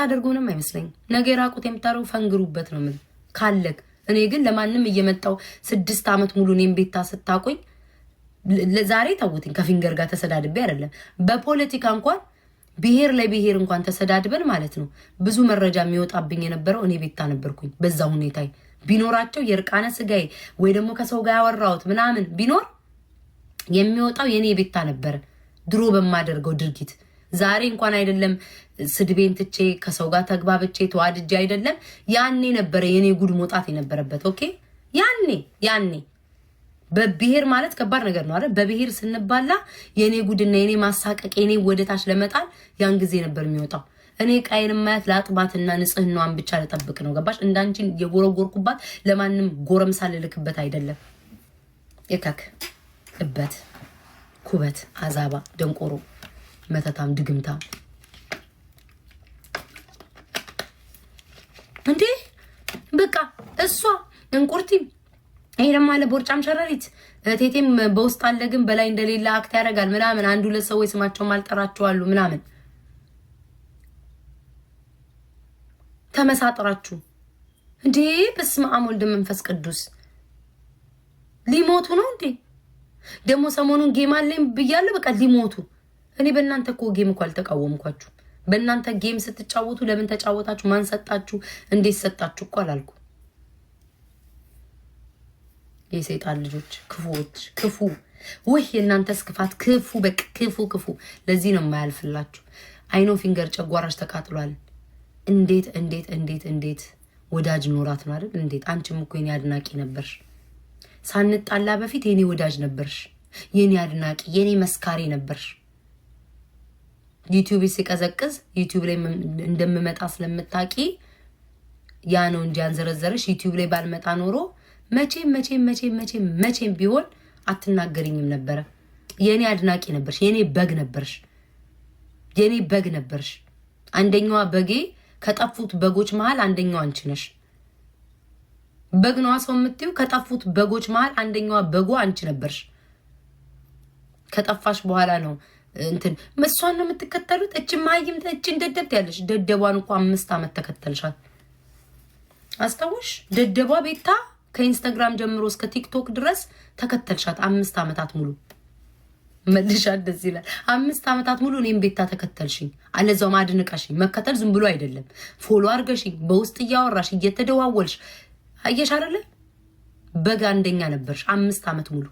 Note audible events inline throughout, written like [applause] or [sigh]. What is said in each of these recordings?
የምታደርገውንም አይመስለኝ። ነገ የራቁት የምታደርገው ፈንግሩበት ነው የምልህ ካለክ። እኔ ግን ለማንም እየመጣው ስድስት ዓመት ሙሉ እኔም ቤታ ስታቆኝ ለዛሬ ተውትኝ። ከፊንገር ጋር ተሰዳድቤ አይደለም በፖለቲካ እንኳን ብሔር ለብሔር እንኳን ተሰዳድበን ማለት ነው። ብዙ መረጃ የሚወጣብኝ የነበረው እኔ ቤታ ነበርኩኝ። በዛ ሁኔታ ቢኖራቸው የእርቃነ ስጋዬ ወይ ደግሞ ከሰው ጋር ያወራሁት ምናምን ቢኖር የሚወጣው የእኔ ቤታ ነበረ ድሮ በማደርገው ድርጊት ዛሬ እንኳን አይደለም ስድቤን ትቼ ከሰው ጋር ተግባብቼ ተዋድጄ አይደለም ያኔ ነበረ የኔ ጉድ መውጣት የነበረበት። ኦኬ ያኔ ያኔ በብሔር ማለት ከባድ ነገር ነው አይደል? በብሔር ስንባላ የኔ ጉድና የኔ ማሳቀቅ የኔ ወደታች ለመጣል ያን ጊዜ ነበር የሚወጣው። እኔ ቃይን ማየት ለአጥባትና ንጽህናዋን ብቻ ልጠብቅ ነው። ገባሽ? እንዳንቺን የጎረጎርኩባት ለማንም ጎረምሳ ልልክበት አይደለም። የካክ እበት ኩበት አዛባ ደንቆሮ መተታም ድግምታም እንዴ በቃ እሷ እንቁርቲም ይሄ ደግሞ አለ ቦርጫም ሸረሪት ቴቴም በውስጥ አለ ግን በላይ እንደሌለ አክት ያደርጋል ምናምን አንድ ሁለት ሰዎች ስማቸውም አልጠራችኋሉ ምናምን ተመሳጥራችሁ እንዴ በስመ አብ ወልድ መንፈስ ቅዱስ ሊሞቱ ነው እንዴ ደግሞ ሰሞኑን ጌማ አለኝ ብያለሁ በቃ ሊሞቱ እኔ በእናንተ እኮ ጌም እኮ አልተቃወምኳችሁ። በእናንተ ጌም ስትጫወቱ ለምን ተጫወታችሁ፣ ማን ሰጣችሁ፣ እንዴት ሰጣችሁ እኮ አላልኩ። የሰይጣን ልጆች ክፉዎች፣ ክፉ ውህ የእናንተስ ክፋት ክፉ፣ በቃ ክፉ ክፉ። ለዚህ ነው የማያልፍላችሁ። አይኖ ፊንገር ጨጓራሽ ተቃጥሏል። እንዴት እንዴት እንዴት እንዴት ወዳጅ ኖራት ነው አይደል? እንዴት አንቺም እኮ የኔ አድናቂ ነበርሽ። ሳንጣላ በፊት የኔ ወዳጅ ነበርሽ፣ የኔ አድናቂ፣ የኔ መስካሪ ነበርሽ። ዩቲዩብ ሲቀዘቅዝ ዩቲዩብ ላይ እንደምመጣ ስለምታቂ ያ ነው እንጂ አንዘረዘረሽ። ዩቲዩብ ላይ ባልመጣ ኖሮ መቼም መቼም መቼም መቼም መቼም ቢሆን አትናገርኝም ነበረ። የእኔ አድናቂ ነበርሽ፣ የእኔ በግ ነበርሽ፣ የእኔ በግ ነበርሽ። አንደኛዋ በጌ ከጠፉት በጎች መሀል አንደኛዋ አንቺ ነሽ። በግ ነዋ ሰው የምትይው። ከጠፉት በጎች መሀል አንደኛዋ በጎ አንቺ ነበርሽ። ከጠፋሽ በኋላ ነው እንትን እሷን ነው የምትከተሉት። እች ማይም እች ደደብት ያለች ደደቧን እኮ አምስት ዓመት ተከተልሻል። አስታውሽ ደደቧ ቤታ ከኢንስታግራም ጀምሮ እስከ ቲክቶክ ድረስ ተከተልሻት አምስት ዓመታት ሙሉ መልሻ ደስ ይላል። አምስት ዓመታት ሙሉ እኔም ቤታ ተከተልሽኝ፣ አለዛውም አድንቃሽኝ። መከተል ዝም ብሎ አይደለም፣ ፎሎ አድርገሽኝ፣ በውስጥ እያወራሽ እየተደዋወልሽ አየሽ አይደለ? በጋ አንደኛ ነበርሽ አምስት ዓመት ሙሉ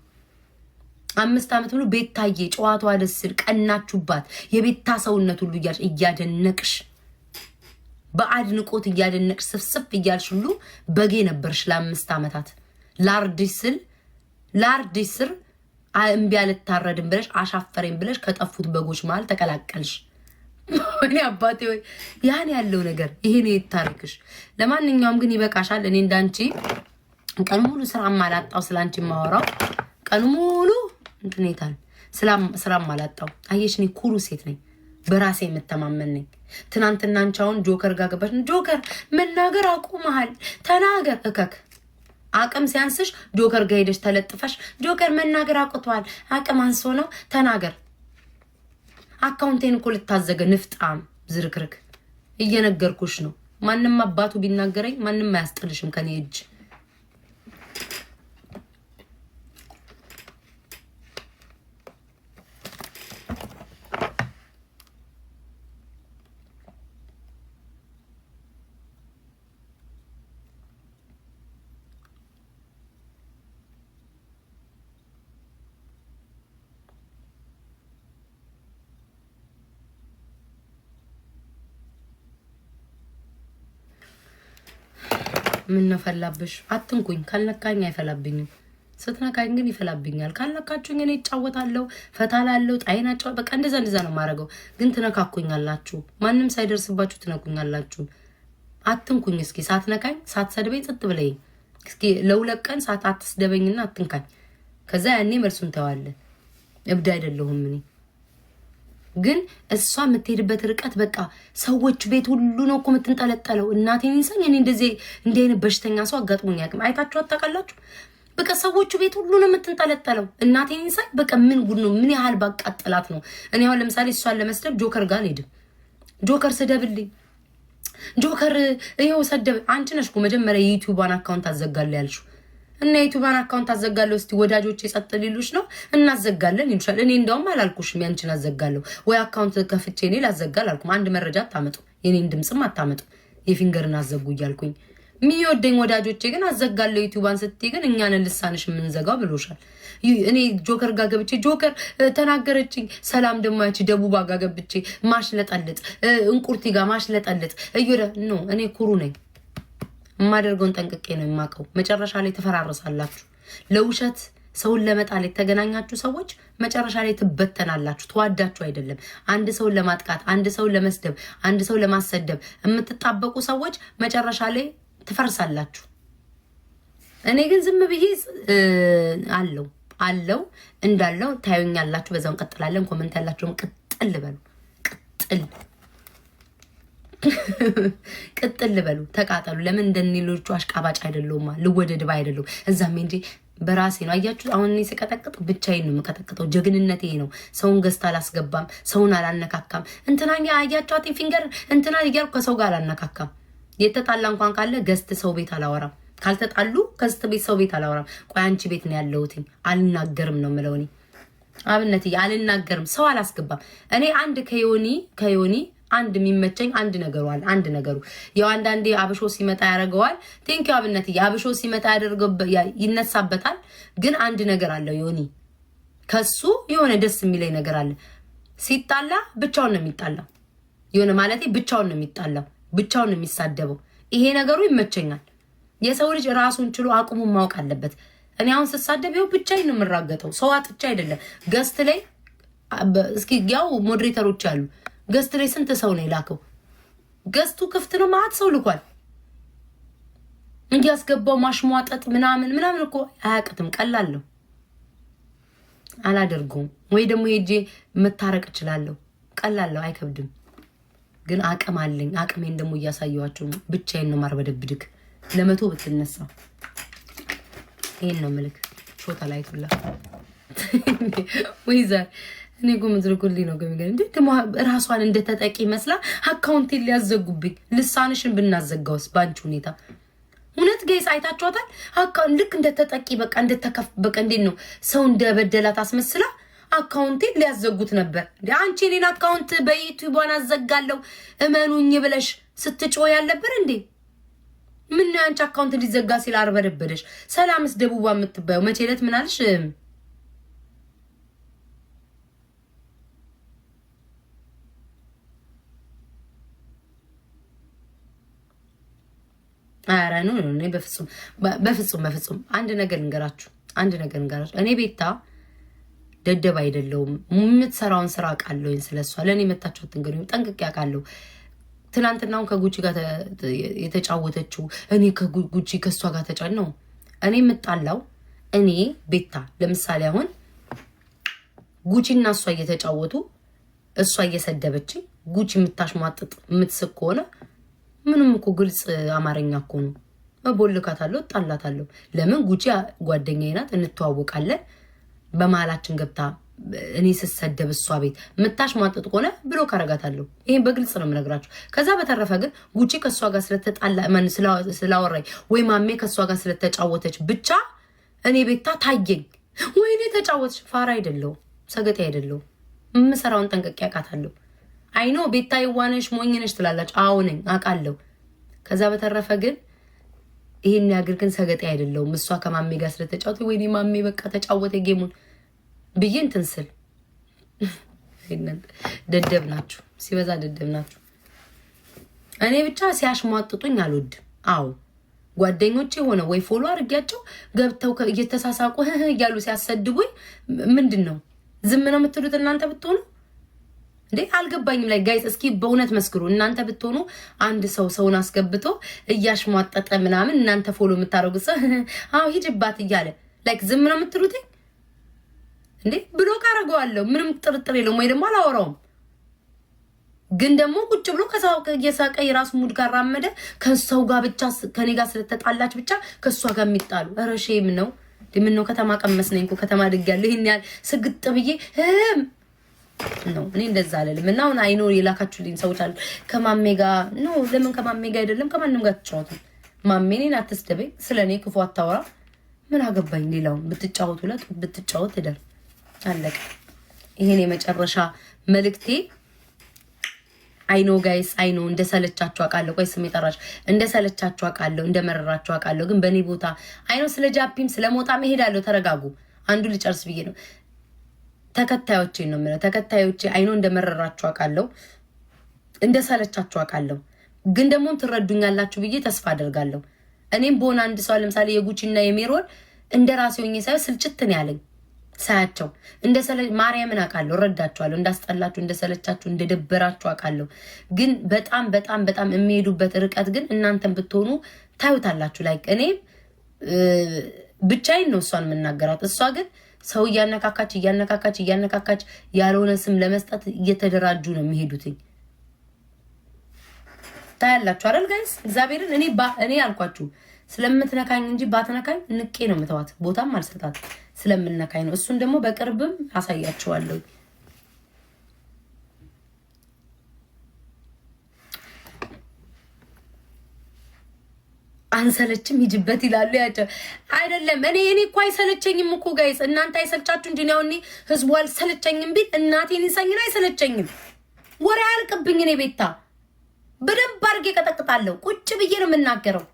አምስት ዓመት ብሎ ቤታዬ ጨዋቷ ደስል ቀናችሁባት የቤታ ሰውነት ሁሉ እያልሽ እያደነቅሽ በአድንቆት እያደነቅሽ ስፍስፍ እያልሽ ሁሉ በጌ ነበርሽ ለአምስት ዓመታት ላርድሽ ስል እምቢ አልታረድም ብለሽ አሻፈሬም ብለሽ ከጠፉት በጎች መሃል ተቀላቀልሽ። ወይኔ አባቴ ወይ ያን ያለው ነገር ይሄ ነው የታሪክሽ። ለማንኛውም ግን ይበቃሻል። እኔ እንዳንቺ ቀን ሙሉ ስራ ማላጣው ስለ አንቺ ማወራው ቀን ሙሉ እንድኔታን ስራም አላጣው። አየሽ እኔ ኩሩ ሴት ነኝ፣ በራሴ የምተማመን ነኝ። ትናንትና አንቺ ጆከር ጋር ገባሽ። ጆከር መናገር አቁመሃል፣ ተናገር እከክ አቅም ሲያንስሽ ጆከር ጋር ሄደሽ ተለጥፈሽ ጆከር መናገር አቁተዋል፣ አቅም አንሶ ነው ተናገር። አካውንቴን እኮ ልታዘገ ንፍጣም ዝርክርክ እየነገርኩሽ ነው። ማንም አባቱ ቢናገረኝ ማንም አያስጥልሽም ከኔ እጅ ምን ነው ፈላብሽ? አትንኩኝ። ካልነካኝ አይፈላብኝም። ስትነካኝ ግን ይፈላብኛል። ካልነካችሁኝ እኔ እጫወታለሁ፣ ፈታላለሁ፣ ጣይና ጫወ በቃ እንደዛ እንደዛ ነው የማደርገው። ግን ትነካኩኛላችሁ፣ ማንም ሳይደርስባችሁ ትነኩኛላችሁ። አትንኩኝ። እስኪ ሳትነካኝ ሳትሰድበኝ ጽጥ ብለኝ እስኪ ለሁለት ቀን ሳት አትስደበኝና አትንካኝ። ከዛ ያኔ መልሱን ተዋለ። እብድ አይደለሁም እኔ። ግን እሷ የምትሄድበት ርቀት በቃ ሰዎች ቤት ሁሉ ነው እኮ የምትንጠለጠለው። እናቴን ይንሰኝ እኔ እንደዚህ እንዲህ አይነት በሽተኛ ሰው አጋጥሞኝ ያቅም አይታችሁ አታውቃላችሁ? በቃ ሰዎቹ ቤት ሁሉ ነው የምትንጠለጠለው። እናቴን ይንሰኝ በቃ ምን ጉድ ነው? ምን ያህል ባቃጠላት ነው። እኔ አሁን ለምሳሌ እሷን ለመስደብ ጆከር ጋር አልሄድም። ጆከር ስደብልኝ ጆከር ይኸው ሰደብ። አንቺ ነሽ እኮ መጀመሪያ የዩቲዩቧን አካውንት አዘጋለ ያልሽው እና የዩቱባን አካውንት አዘጋለሁ። እስቲ ወዳጆች የጸጥ ሊሉሽ ነው እናዘጋለን ይሉሻል። እኔ እንደውም አላልኩሽም ያንችን አዘጋለሁ ወይ አካውንት ከፍቼ እኔ ላዘጋ አላልኩም። አንድ መረጃ አታመጡ፣ የኔን ድምፅም አታመጡ፣ የፊንገርን አዘጉ እያልኩኝ የሚወደኝ ወዳጆቼ ግን አዘጋለሁ ዩቱባን ስትይ ግን እኛንን ልሳንሽ የምንዘጋው ብሎሻል። እኔ ጆከር ጋር ገብቼ ጆከር ተናገረችኝ። ሰላም ደግሞ ያቺ ደቡባ ጋር ገብቼ ማሽለጠልጥ፣ እንቁርቲ ጋር ማሽለጠልጥ እዮ ኖ እኔ ኩሩ ነኝ። የማደርገውን ጠንቅቄ ነው የማውቀው። መጨረሻ ላይ ትፈራርሳላችሁ። ለውሸት ሰውን ለመጣል የተገናኛችሁ ሰዎች መጨረሻ ላይ ትበተናላችሁ። ተዋዳችሁ አይደለም። አንድ ሰውን ለማጥቃት፣ አንድ ሰውን ለመስደብ፣ አንድ ሰው ለማሰደብ የምትጣበቁ ሰዎች መጨረሻ ላይ ትፈርሳላችሁ። እኔ ግን ዝም ብዬ አለው አለው እንዳለው ታዩኛላችሁ። በዛው እንቀጥላለን። ኮመንት ያላችሁም ቅጥል በሉ ቅጥል [laughs] ቅጥል ልበሉ፣ ተቃጠሉ። ለምን እንደሌሎቹ አሽቃባጭ አይደለሁማ፣ ልወደድብ ባይ አይደለሁም። እዛም እንጂ በራሴ ነው። አያችሁ፣ አሁን እኔ ስቀጠቅጥ ብቻዬን ነው የምቀጠቅጠው። ጀግንነቴ ነው። ሰውን ገዝታ አላስገባም፣ ሰውን አላነካካም። እንትና አያቸዋቴ ፊንገር እንትና እያልኩ ከሰው ጋር አላነካካም። የተጣላ እንኳን ካለ ገዝት ሰው ቤት አላወራም። ካልተጣሉ ከስት ቤት ሰው ቤት አላወራም። ቆይ አንቺ ቤት ነው ያለሁትኝ፣ አልናገርም ነው የምለው እኔ አብነት፣ አልናገርም፣ ሰው አላስገባም። እኔ አንድ ከዮኒ ከዮኒ አንድ የሚመቸኝ አንድ ነገሩ አለ። አንድ ነገሩ ያው አንዳንዴ አብሾ ሲመጣ ያደርገዋል። ቴንኪው አብነት አብሾ ሲመጣ ይነሳበታል። ግን አንድ ነገር አለው ዮኒ ከሱ የሆነ ደስ የሚለኝ ነገር አለ። ሲጣላ ብቻውን ነው የሚጣላው። የሆነ ማለት ብቻውን ነው የሚጣላው፣ ብቻውን ነው የሚሳደበው። ይሄ ነገሩ ይመቸኛል። የሰው ልጅ ራሱን ችሎ አቁሙን ማወቅ አለበት። እኔ አሁን ስሳደብ ይኸው ብቻዬን ነው የምራገጠው። ሰው አጥቻ አይደለም ገስት ላይ እስኪ ያው ሞዴሬተሮች አሉ ገስት ላይ ስንት ሰው ነው የላከው? ገስቱ ክፍት ነው፣ ማት ሰው ልኳል። እንዲያስገባው ማሽሟጠጥ ምናምን ምናምን እኮ አያቅትም፣ ቀላለሁ፣ አላደርገውም ወይ ደግሞ ሄጄ መታረቅ እችላለሁ፣ ቀላለሁ፣ አይከብድም። ግን አቅም አለኝ። አቅሜን ደግሞ እያሳየኋቸው ብቻዬን ነው ማርበደብድግ ለመቶ ብትነሳ ይህን ነው ምልክ ሾታ ላይ ቱላ እኔ ጎ ምድርጉልኝ ነው ግን እንደ ራሷን እንደተጠቂ ይመስላ አካውንቴን ሊያዘጉብኝ ልሳንሽን ብናዘጋውስ በአንቺ ሁኔታ እውነት ገይስ አይታችኋታል። ልክ እንደተጠቂ በቃ እንደተከፍ በቃ እንዴት ነው ሰው እንደበደላት አስመስላ አካውንቴን ሊያዘጉት ነበር። አንቺ እኔን አካውንት በዩቲዩቧን አዘጋለሁ እመኑኝ ብለሽ ስትጮ ያልነበር እንዴ? ምን አንቺ አካውንት ሊዘጋ ሲል አርበደበደሽ። ሰላምስ ደቡባ የምትባየው መቼ ዕለት ምናልሽ ኧረ ኑ በፍጹም በፍጹም በፍጹም። አንድ ነገር እንገራችሁ፣ አንድ ነገር እንገራችሁ። እኔ ቤታ ደደብ አይደለውም። የምትሰራውን ስራ አውቃለሁኝ። ስለሷ ለእኔ መታችሁ አትንገሩኝ፣ ጠንቅቄ አውቃለሁ። ትናንትናውን ከጉቺ ጋር የተጫወተችው እኔ ከጉቺ ከእሷ ጋር ተጫ ነው እኔ የምጣላው እኔ ቤታ ለምሳሌ አሁን ጉቺና እሷ እየተጫወቱ እሷ እየሰደበችኝ ጉቺ የምታሽሟጥጥ የምትስቅ ከሆነ ምንም እኮ ግልጽ አማርኛ እኮ ነው። እቦልካታለሁ፣ እጣላታለሁ። ለምን ጉጂ ጓደኛዬ ናት፣ እንተዋወቃለን። በመሀላችን ገብታ እኔ ስሰደብ እሷ ቤት ምታሽ ማጠጥ ከሆነ ብሎ ካረጋታለሁ። ይህን በግልጽ ነው የምነግራቸው። ከዛ በተረፈ ግን ጉጂ ከእሷ ጋር ስለተጣላ ስላወራኝ ወይ ማሜ ከእሷ ጋር ስለተጫወተች ብቻ እኔ ቤታ ታየኝ። ወይኔ ተጫወተች። ፋራ አይደለሁም፣ ሰገጤ አይደለሁም። የምሰራውን ጠንቅቄ አውቃታለሁ። አይኖ ቤታ የዋነሽ ሞኝነሽ ትላላች አዎ ነኝ አውቃለሁ። ከዛ በተረፈ ግን ይህን ያግር ግን ሰገጤ አይደለውም። እሷ ከማሜ ጋር ስለተጫወተ ወይ ማሜ በቃ ተጫወተ ጌሙን ብዬ እንትን ስል [laughs] ደደብ ናችሁ፣ ሲበዛ ደደብ ናችሁ። እኔ ብቻ ሲያሽሟጥጡኝ አልወድም። አዎ ጓደኞቼ ሆነ ወይ ፎሎ አድርጊያቸው ገብተው እየተሳሳቁ [laughs] እያሉ ሲያሰድቡኝ ምንድን ነው ዝም ነው የምትሉት እናንተ ብትሆኑ እንዴ አልገባኝም። ላይ ጋይስ እስኪ በእውነት መስክሩ። እናንተ ብትሆኑ አንድ ሰው ሰውን አስገብቶ እያሽሟጠጠ ምናምን እናንተ ፎሎ የምታደርጉት ሰው [laughs] አሁ ሂድባት እያለ ላይክ ዝም ነው የምትሉት እንዴ? ብሎክ አደርገዋለሁ ምንም ጥርጥር የለውም። ወይ ደግሞ አላወራውም። ግን ደግሞ ቁጭ ብሎ ከሰው እየሳቀ የራሱ ሙድ ጋር ራመደ። ከሰው ጋር ብቻ ከኔ ጋር ስለተጣላች ብቻ ከእሷ ጋር የሚጣሉ ረሼም ነው። ምነው ከተማ ቀመስ ነኝ ከተማ ድግ ያለሁ ይህን ያህል ስግጥ ብዬ ነው እኔ እንደዛ አለልም። እና አሁን አይኖ የላካችሁልኝ ሰዎች አሉ ከማሜ ጋር ኖ፣ ለምን ከማሜ ጋር አይደለም ከማንም ጋር ትጫወቱ። ማሜ እኔን አትስደበኝ፣ ስለ እኔ ክፉ አታወራ። ምን አገባኝ? ሌላውን ብትጫወት ሁለት ብትጫወት ሄደን አለቀ። ይሄን የመጨረሻ መልእክቴ አይኖ ጋይስ፣ አይኖ እንደሰለቻችሁ አውቃለሁ። ቆይ ስሜ ጠራሽ። እንደሰለቻችሁ አውቃለሁ፣ እንደመረራችሁ አውቃለሁ። ግን በእኔ ቦታ አይኖ ስለ ጃፒም ስለ ሞጣ መሄዳለሁ። ተረጋጉ። አንዱ ልጨርስ ብዬ ነው ተከታዮቼ ነው የምለው። ተከታዮቼ አይኖ እንደመረራችሁ አውቃለሁ፣ እንደሰለቻችሁ አውቃለሁ። ግን ደግሞ ትረዱኛላችሁ ብዬ ተስፋ አደርጋለሁ። እኔም በሆነ አንድ ሰው ለምሳሌ የጉቺና የሜሮን እንደ ራሴ ሆኜ ሳይ ስልጭትን ያለኝ ሳያቸው እንደ ማርያምን አውቃለሁ፣ እረዳችኋለሁ። እንዳስጠላችሁ፣ እንደሰለቻችሁ፣ እንደደበራችሁ አውቃለሁ። ግን በጣም በጣም በጣም የሚሄዱበት ርቀት ግን እናንተን ብትሆኑ ታዩታላችሁ። ላይ እኔም ብቻዬን ነው እሷን የምናገራት። እሷ ግን ሰው እያነካካች እያነካካች እያነካካች ያልሆነ ስም ለመስጠት እየተደራጁ ነው የሚሄዱትኝ። ታያላችሁ አይደል ጋይስ? እግዚአብሔርን እኔ እኔ አልኳችሁ ስለምትነካኝ እንጂ ባትነካኝ ንቄ ነው ምተዋት። ቦታም አልሰጣት ስለምነካኝ ነው። እሱን ደግሞ በቅርብም አሳያችኋለሁ። አንሰለችም ሂጅበት ይላሉ ያቸው አይደለም። እኔ እኔ እኮ አይሰለቸኝም እኮ ጋይስ፣ እናንተ አይሰልቻችሁ እንጂ ያው እኔ ህዝቡ አልሰለቸኝም ቢል እናቴን ይሰኝን አይሰለቸኝም። ወሬ አያልቅብኝ። እኔ ቤታ በደንብ አድርጌ ቀጠቅጣለሁ። ቁጭ ብዬ ነው የምናገረው።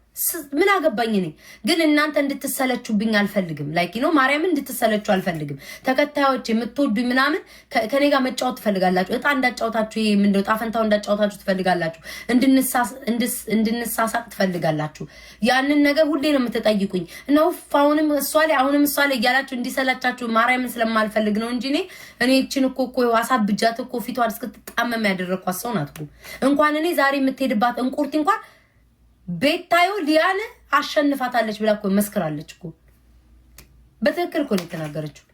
ምን አገባኝ እኔ ግን እናንተ እንድትሰለችብኝ አልፈልግም። ላይክ ነው ማርያምን እንድትሰለቹ አልፈልግም። ተከታዮች የምትወዱኝ ምናምን ከኔ ጋር መጫወት ትፈልጋላችሁ። እጣ እንዳጫወታችሁ ይሄ ምንድን ጣፈንታው እንዳጫወታችሁ ትፈልጋላችሁ። እንድንሳሳቅ ትፈልጋላችሁ። ያንን ነገር ሁሌ ነው የምትጠይቁኝ እና ውፍ አሁንም እሷ ላይ አሁንም እሷ ላይ እያላችሁ እንዲሰለቻችሁ ማርያምን ስለማልፈልግ ነው እንጂ እኔ እኔ ይህችን እኮ እኮ አሳብጃት እኮ ፊቷ እስክትጣመም ያደረግኳት ሰው ናት እኮ እንኳን እኔ ዛሬ የምትሄድባት እንቁርቲ እንኳን ቤታዮ ሊያን አሸንፋታለች ብላ እኮ መስክራለች እኮ። በትክክል እኮ ነው የተናገረችው።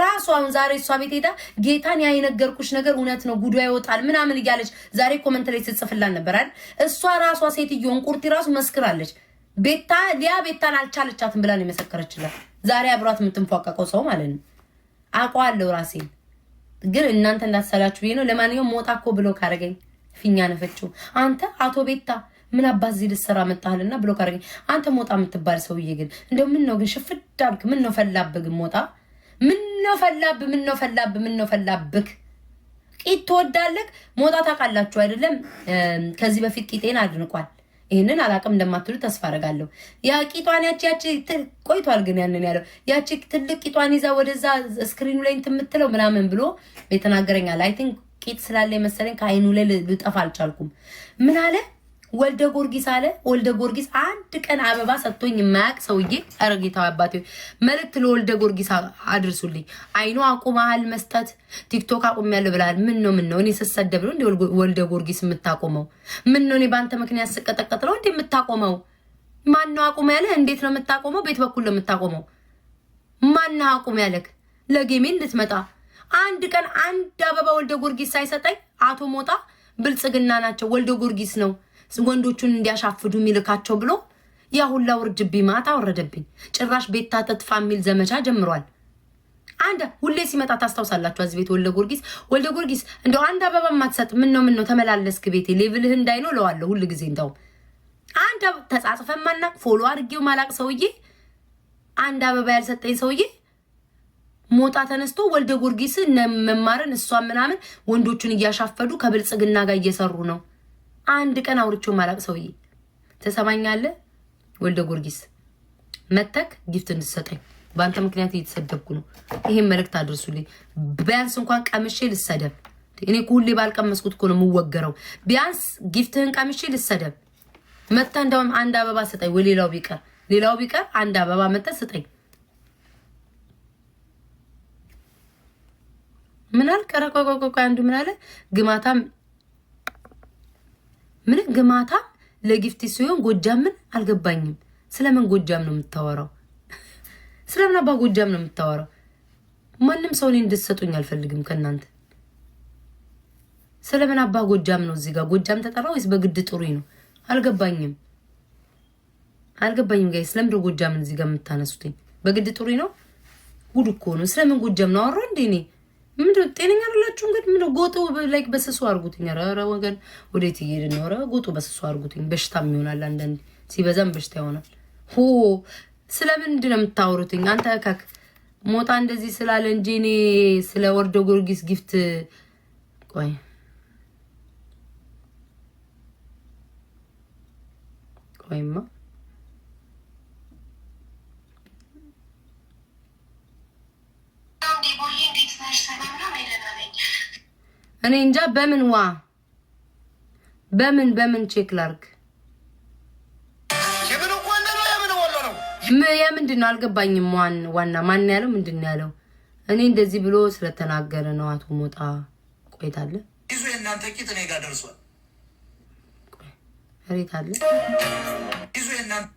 ራሱ አሁን ዛሬ እሷ ቤት ሄዳ ጌታን ያ የነገርኩሽ ነገር እውነት ነው፣ ጉዷ ይወጣል ምናምን እያለች ዛሬ ኮመንት ላይ ስትጽፍላል ነበር አይደል? እሷ ራሷ ሴትዮን ቁርቲ ራሱ መስክራለች። ቤታ ሊያ ቤታን አልቻለቻትም ብላ ነው የመሰከረችላት። ዛሬ አብሯት የምትንፏቀቀው ሰው ማለት ነው። አውቀዋለሁ ራሴን፣ ግን እናንተ እንዳትሰላችሁ ብዬ ነው። ለማንኛውም ሞጣ እኮ ብሎ ካረገኝ ፊኛ ነፈችው። አንተ አቶ ቤታ ምን አባት እዚህ ልትሰራ መጣህልና ብሎ ካረገኝ አንተ ሞጣ የምትባል ሰውዬ ግን እንደው ምን ነው ግን ሽፍድ አልክ? ምን ነው ፈላብህ? ግን ሞጣ ምን ነው ፈላብህ? ምን ነው ፈላብህ? ምን ነው ፈላብህ? ቂት ትወዳለህ? ሞጣ ታውቃላችሁ አይደለም? ከዚህ በፊት ቂጤን አድንቋል። ይህንን አላቅም እንደማትሉ ተስፋ አደርጋለሁ። ያ ቂጧን ያቺ ያቺ ቆይቷል ግን ያንን ያለው ያቺ ትልቅ ቂጧን ይዛ ወደዛ ስክሪኑ ላይ እንትን የምትለው ምናምን ብሎ የተናገረኛል። አይ ቲንክ ቂጥ ስላለ መሰለኝ ከአይኑ ላይ ልጠፋ አልቻልኩም። ምን አለ ወልደ ጊዮርጊስ አለ ወልደ ጊዮርጊስ አንድ ቀን አበባ ሰጥቶኝ የማያቅ ሰውዬ። ኧረ አባት አባቴ መልእክት ለወልደ ጊዮርጊስ አድርሱልኝ። አይኖ አቁመሃል መስጠት ቲክቶክ አቁሜያለሁ ብላል። ምን ነው ምን ነው እኔ ስሰደብ ነው ወልደ ጊዮርጊስ የምታቆመው? ምን ነው እኔ በአንተ ምክንያት ስቀጠቀጥ ነው የምታቆመው? ማን ነው አቁም ያለህ? እንዴት ነው የምታቆመው? ቤት በኩል ነው የምታቆመው? ነው አቁም ያለህ? ለጌሜ እንድትመጣ አንድ ቀን አንድ አበባ ወልደ ጊዮርጊስ ሳይሰጠኝ አቶ ሞጣ ብልጽግና ናቸው ወልደ ጊዮርጊስ ነው ወንዶቹን እንዲያሻፍዱ የሚልካቸው ብሎ ያ ሁላ ውርድብኝ ማታ አወረደብኝ። ጭራሽ ቤታ ተጥፋ የሚል ዘመቻ ጀምሯል። አንድ ሁሌ ሲመጣ ታስታውሳላችሁ። እዚህ ቤት ወልደ ጊዮርጊስ ወልደ ጊዮርጊስ እንደው አንድ አበባ ማትሰጥ ምን ነው ምን ነው ተመላለስክ ቤቴ ሌቭልህ እንዳይነው ለዋለሁ ሁል ጊዜ እንደው አንድ ተጻጽፈ ማና ፎሎ አድርጌው ማላቅ ሰውዬ አንድ አበባ ያልሰጠኝ ሰውዬ ሞጣ ተነስቶ ወልደ ጊዮርጊስ መማርን እሷ ምናምን ወንዶቹን እያሻፈዱ ከብልጽግና ጋር እየሰሩ ነው። አንድ ቀን አውርቼው ማላቅ ሰውዬ ተሰማኛለ። ወልደ ጊዮርጊስ መተክ ጊፍት እንድትሰጠኝ በአንተ ምክንያት እየተሰደብኩ ነው። ይሄን መልእክት አድርሱልኝ። ቢያንስ እንኳን ቀምሼ ልሰደብ። እኔ ሁሌ ባልቀመስኩት እኮ ነው የምወገረው። ቢያንስ ጊፍትህን ቀምሼ ልሰደብ። መታ እንደውም አንድ አበባ ስጠኝ ወይ ሌላው ቢቀር ሌላው ቢቀር አንድ አበባ መታ ስጠኝ። ምን አልክ? ኧረ ቆይ ቆይ ቆይ አንዱ ምን አለ ግማታም ምን ግማታ ለጊፍቲ ሲሆን ጎጃምን አልገባኝም። ስለምን ጎጃም ነው የምታወራው? ስለምን አባ ጎጃም ነው የምታወራው? ማንም ሰው እኔ እንድትሰጡኝ አልፈልግም ከእናንተ። ስለምን አባ ጎጃም ነው እዚህ ጋር ጎጃም ተጠራ ወይስ በግድ ጥሩኝ ነው? አልገባኝም አልገባኝም ጋይ ስለምድር ጎጃምን እዚህ ጋር የምታነሱትኝ? በግድ ጥሩኝ ነው? ጉድ እኮ ነው። ስለምን ጎጃም ነው አወራ እንዴ እኔ ምንድን ጤነኛ አይደላችሁ? እንግዲህ ምንድን ጎጦ ላይክ በስሱ አርጉትኝ። ረረ ወገን ወዴት እየሄድን ነው? ረ ጎጦ በስሱ አርጉትኝ። በሽታም ይሆናል አንዳንድ ሲበዛም በሽታ ይሆናል። ሆ ስለምንድን ነው የምታወሩትኝ? አንተ ከክ ሞጣ እንደዚህ ስላለ እንጂ እኔ ስለ ወርዶ ጊዮርጊስ ጊፍት ቆይ ቆይማ እኔ እንጃ በምን ዋ በምን በምን ቼክ ላርግ? የምንድን ነው አልገባኝም። ዋን ዋና ማን ያለው ምንድን ያለው? እኔ እንደዚህ ብሎ ስለተናገረ ነው። አቶ ሞጣ ቆይታለ ይዞ የእናንተ ቂጥ እኔ ጋር ደርሷል። ሬት አለ ይዞ የእናንተ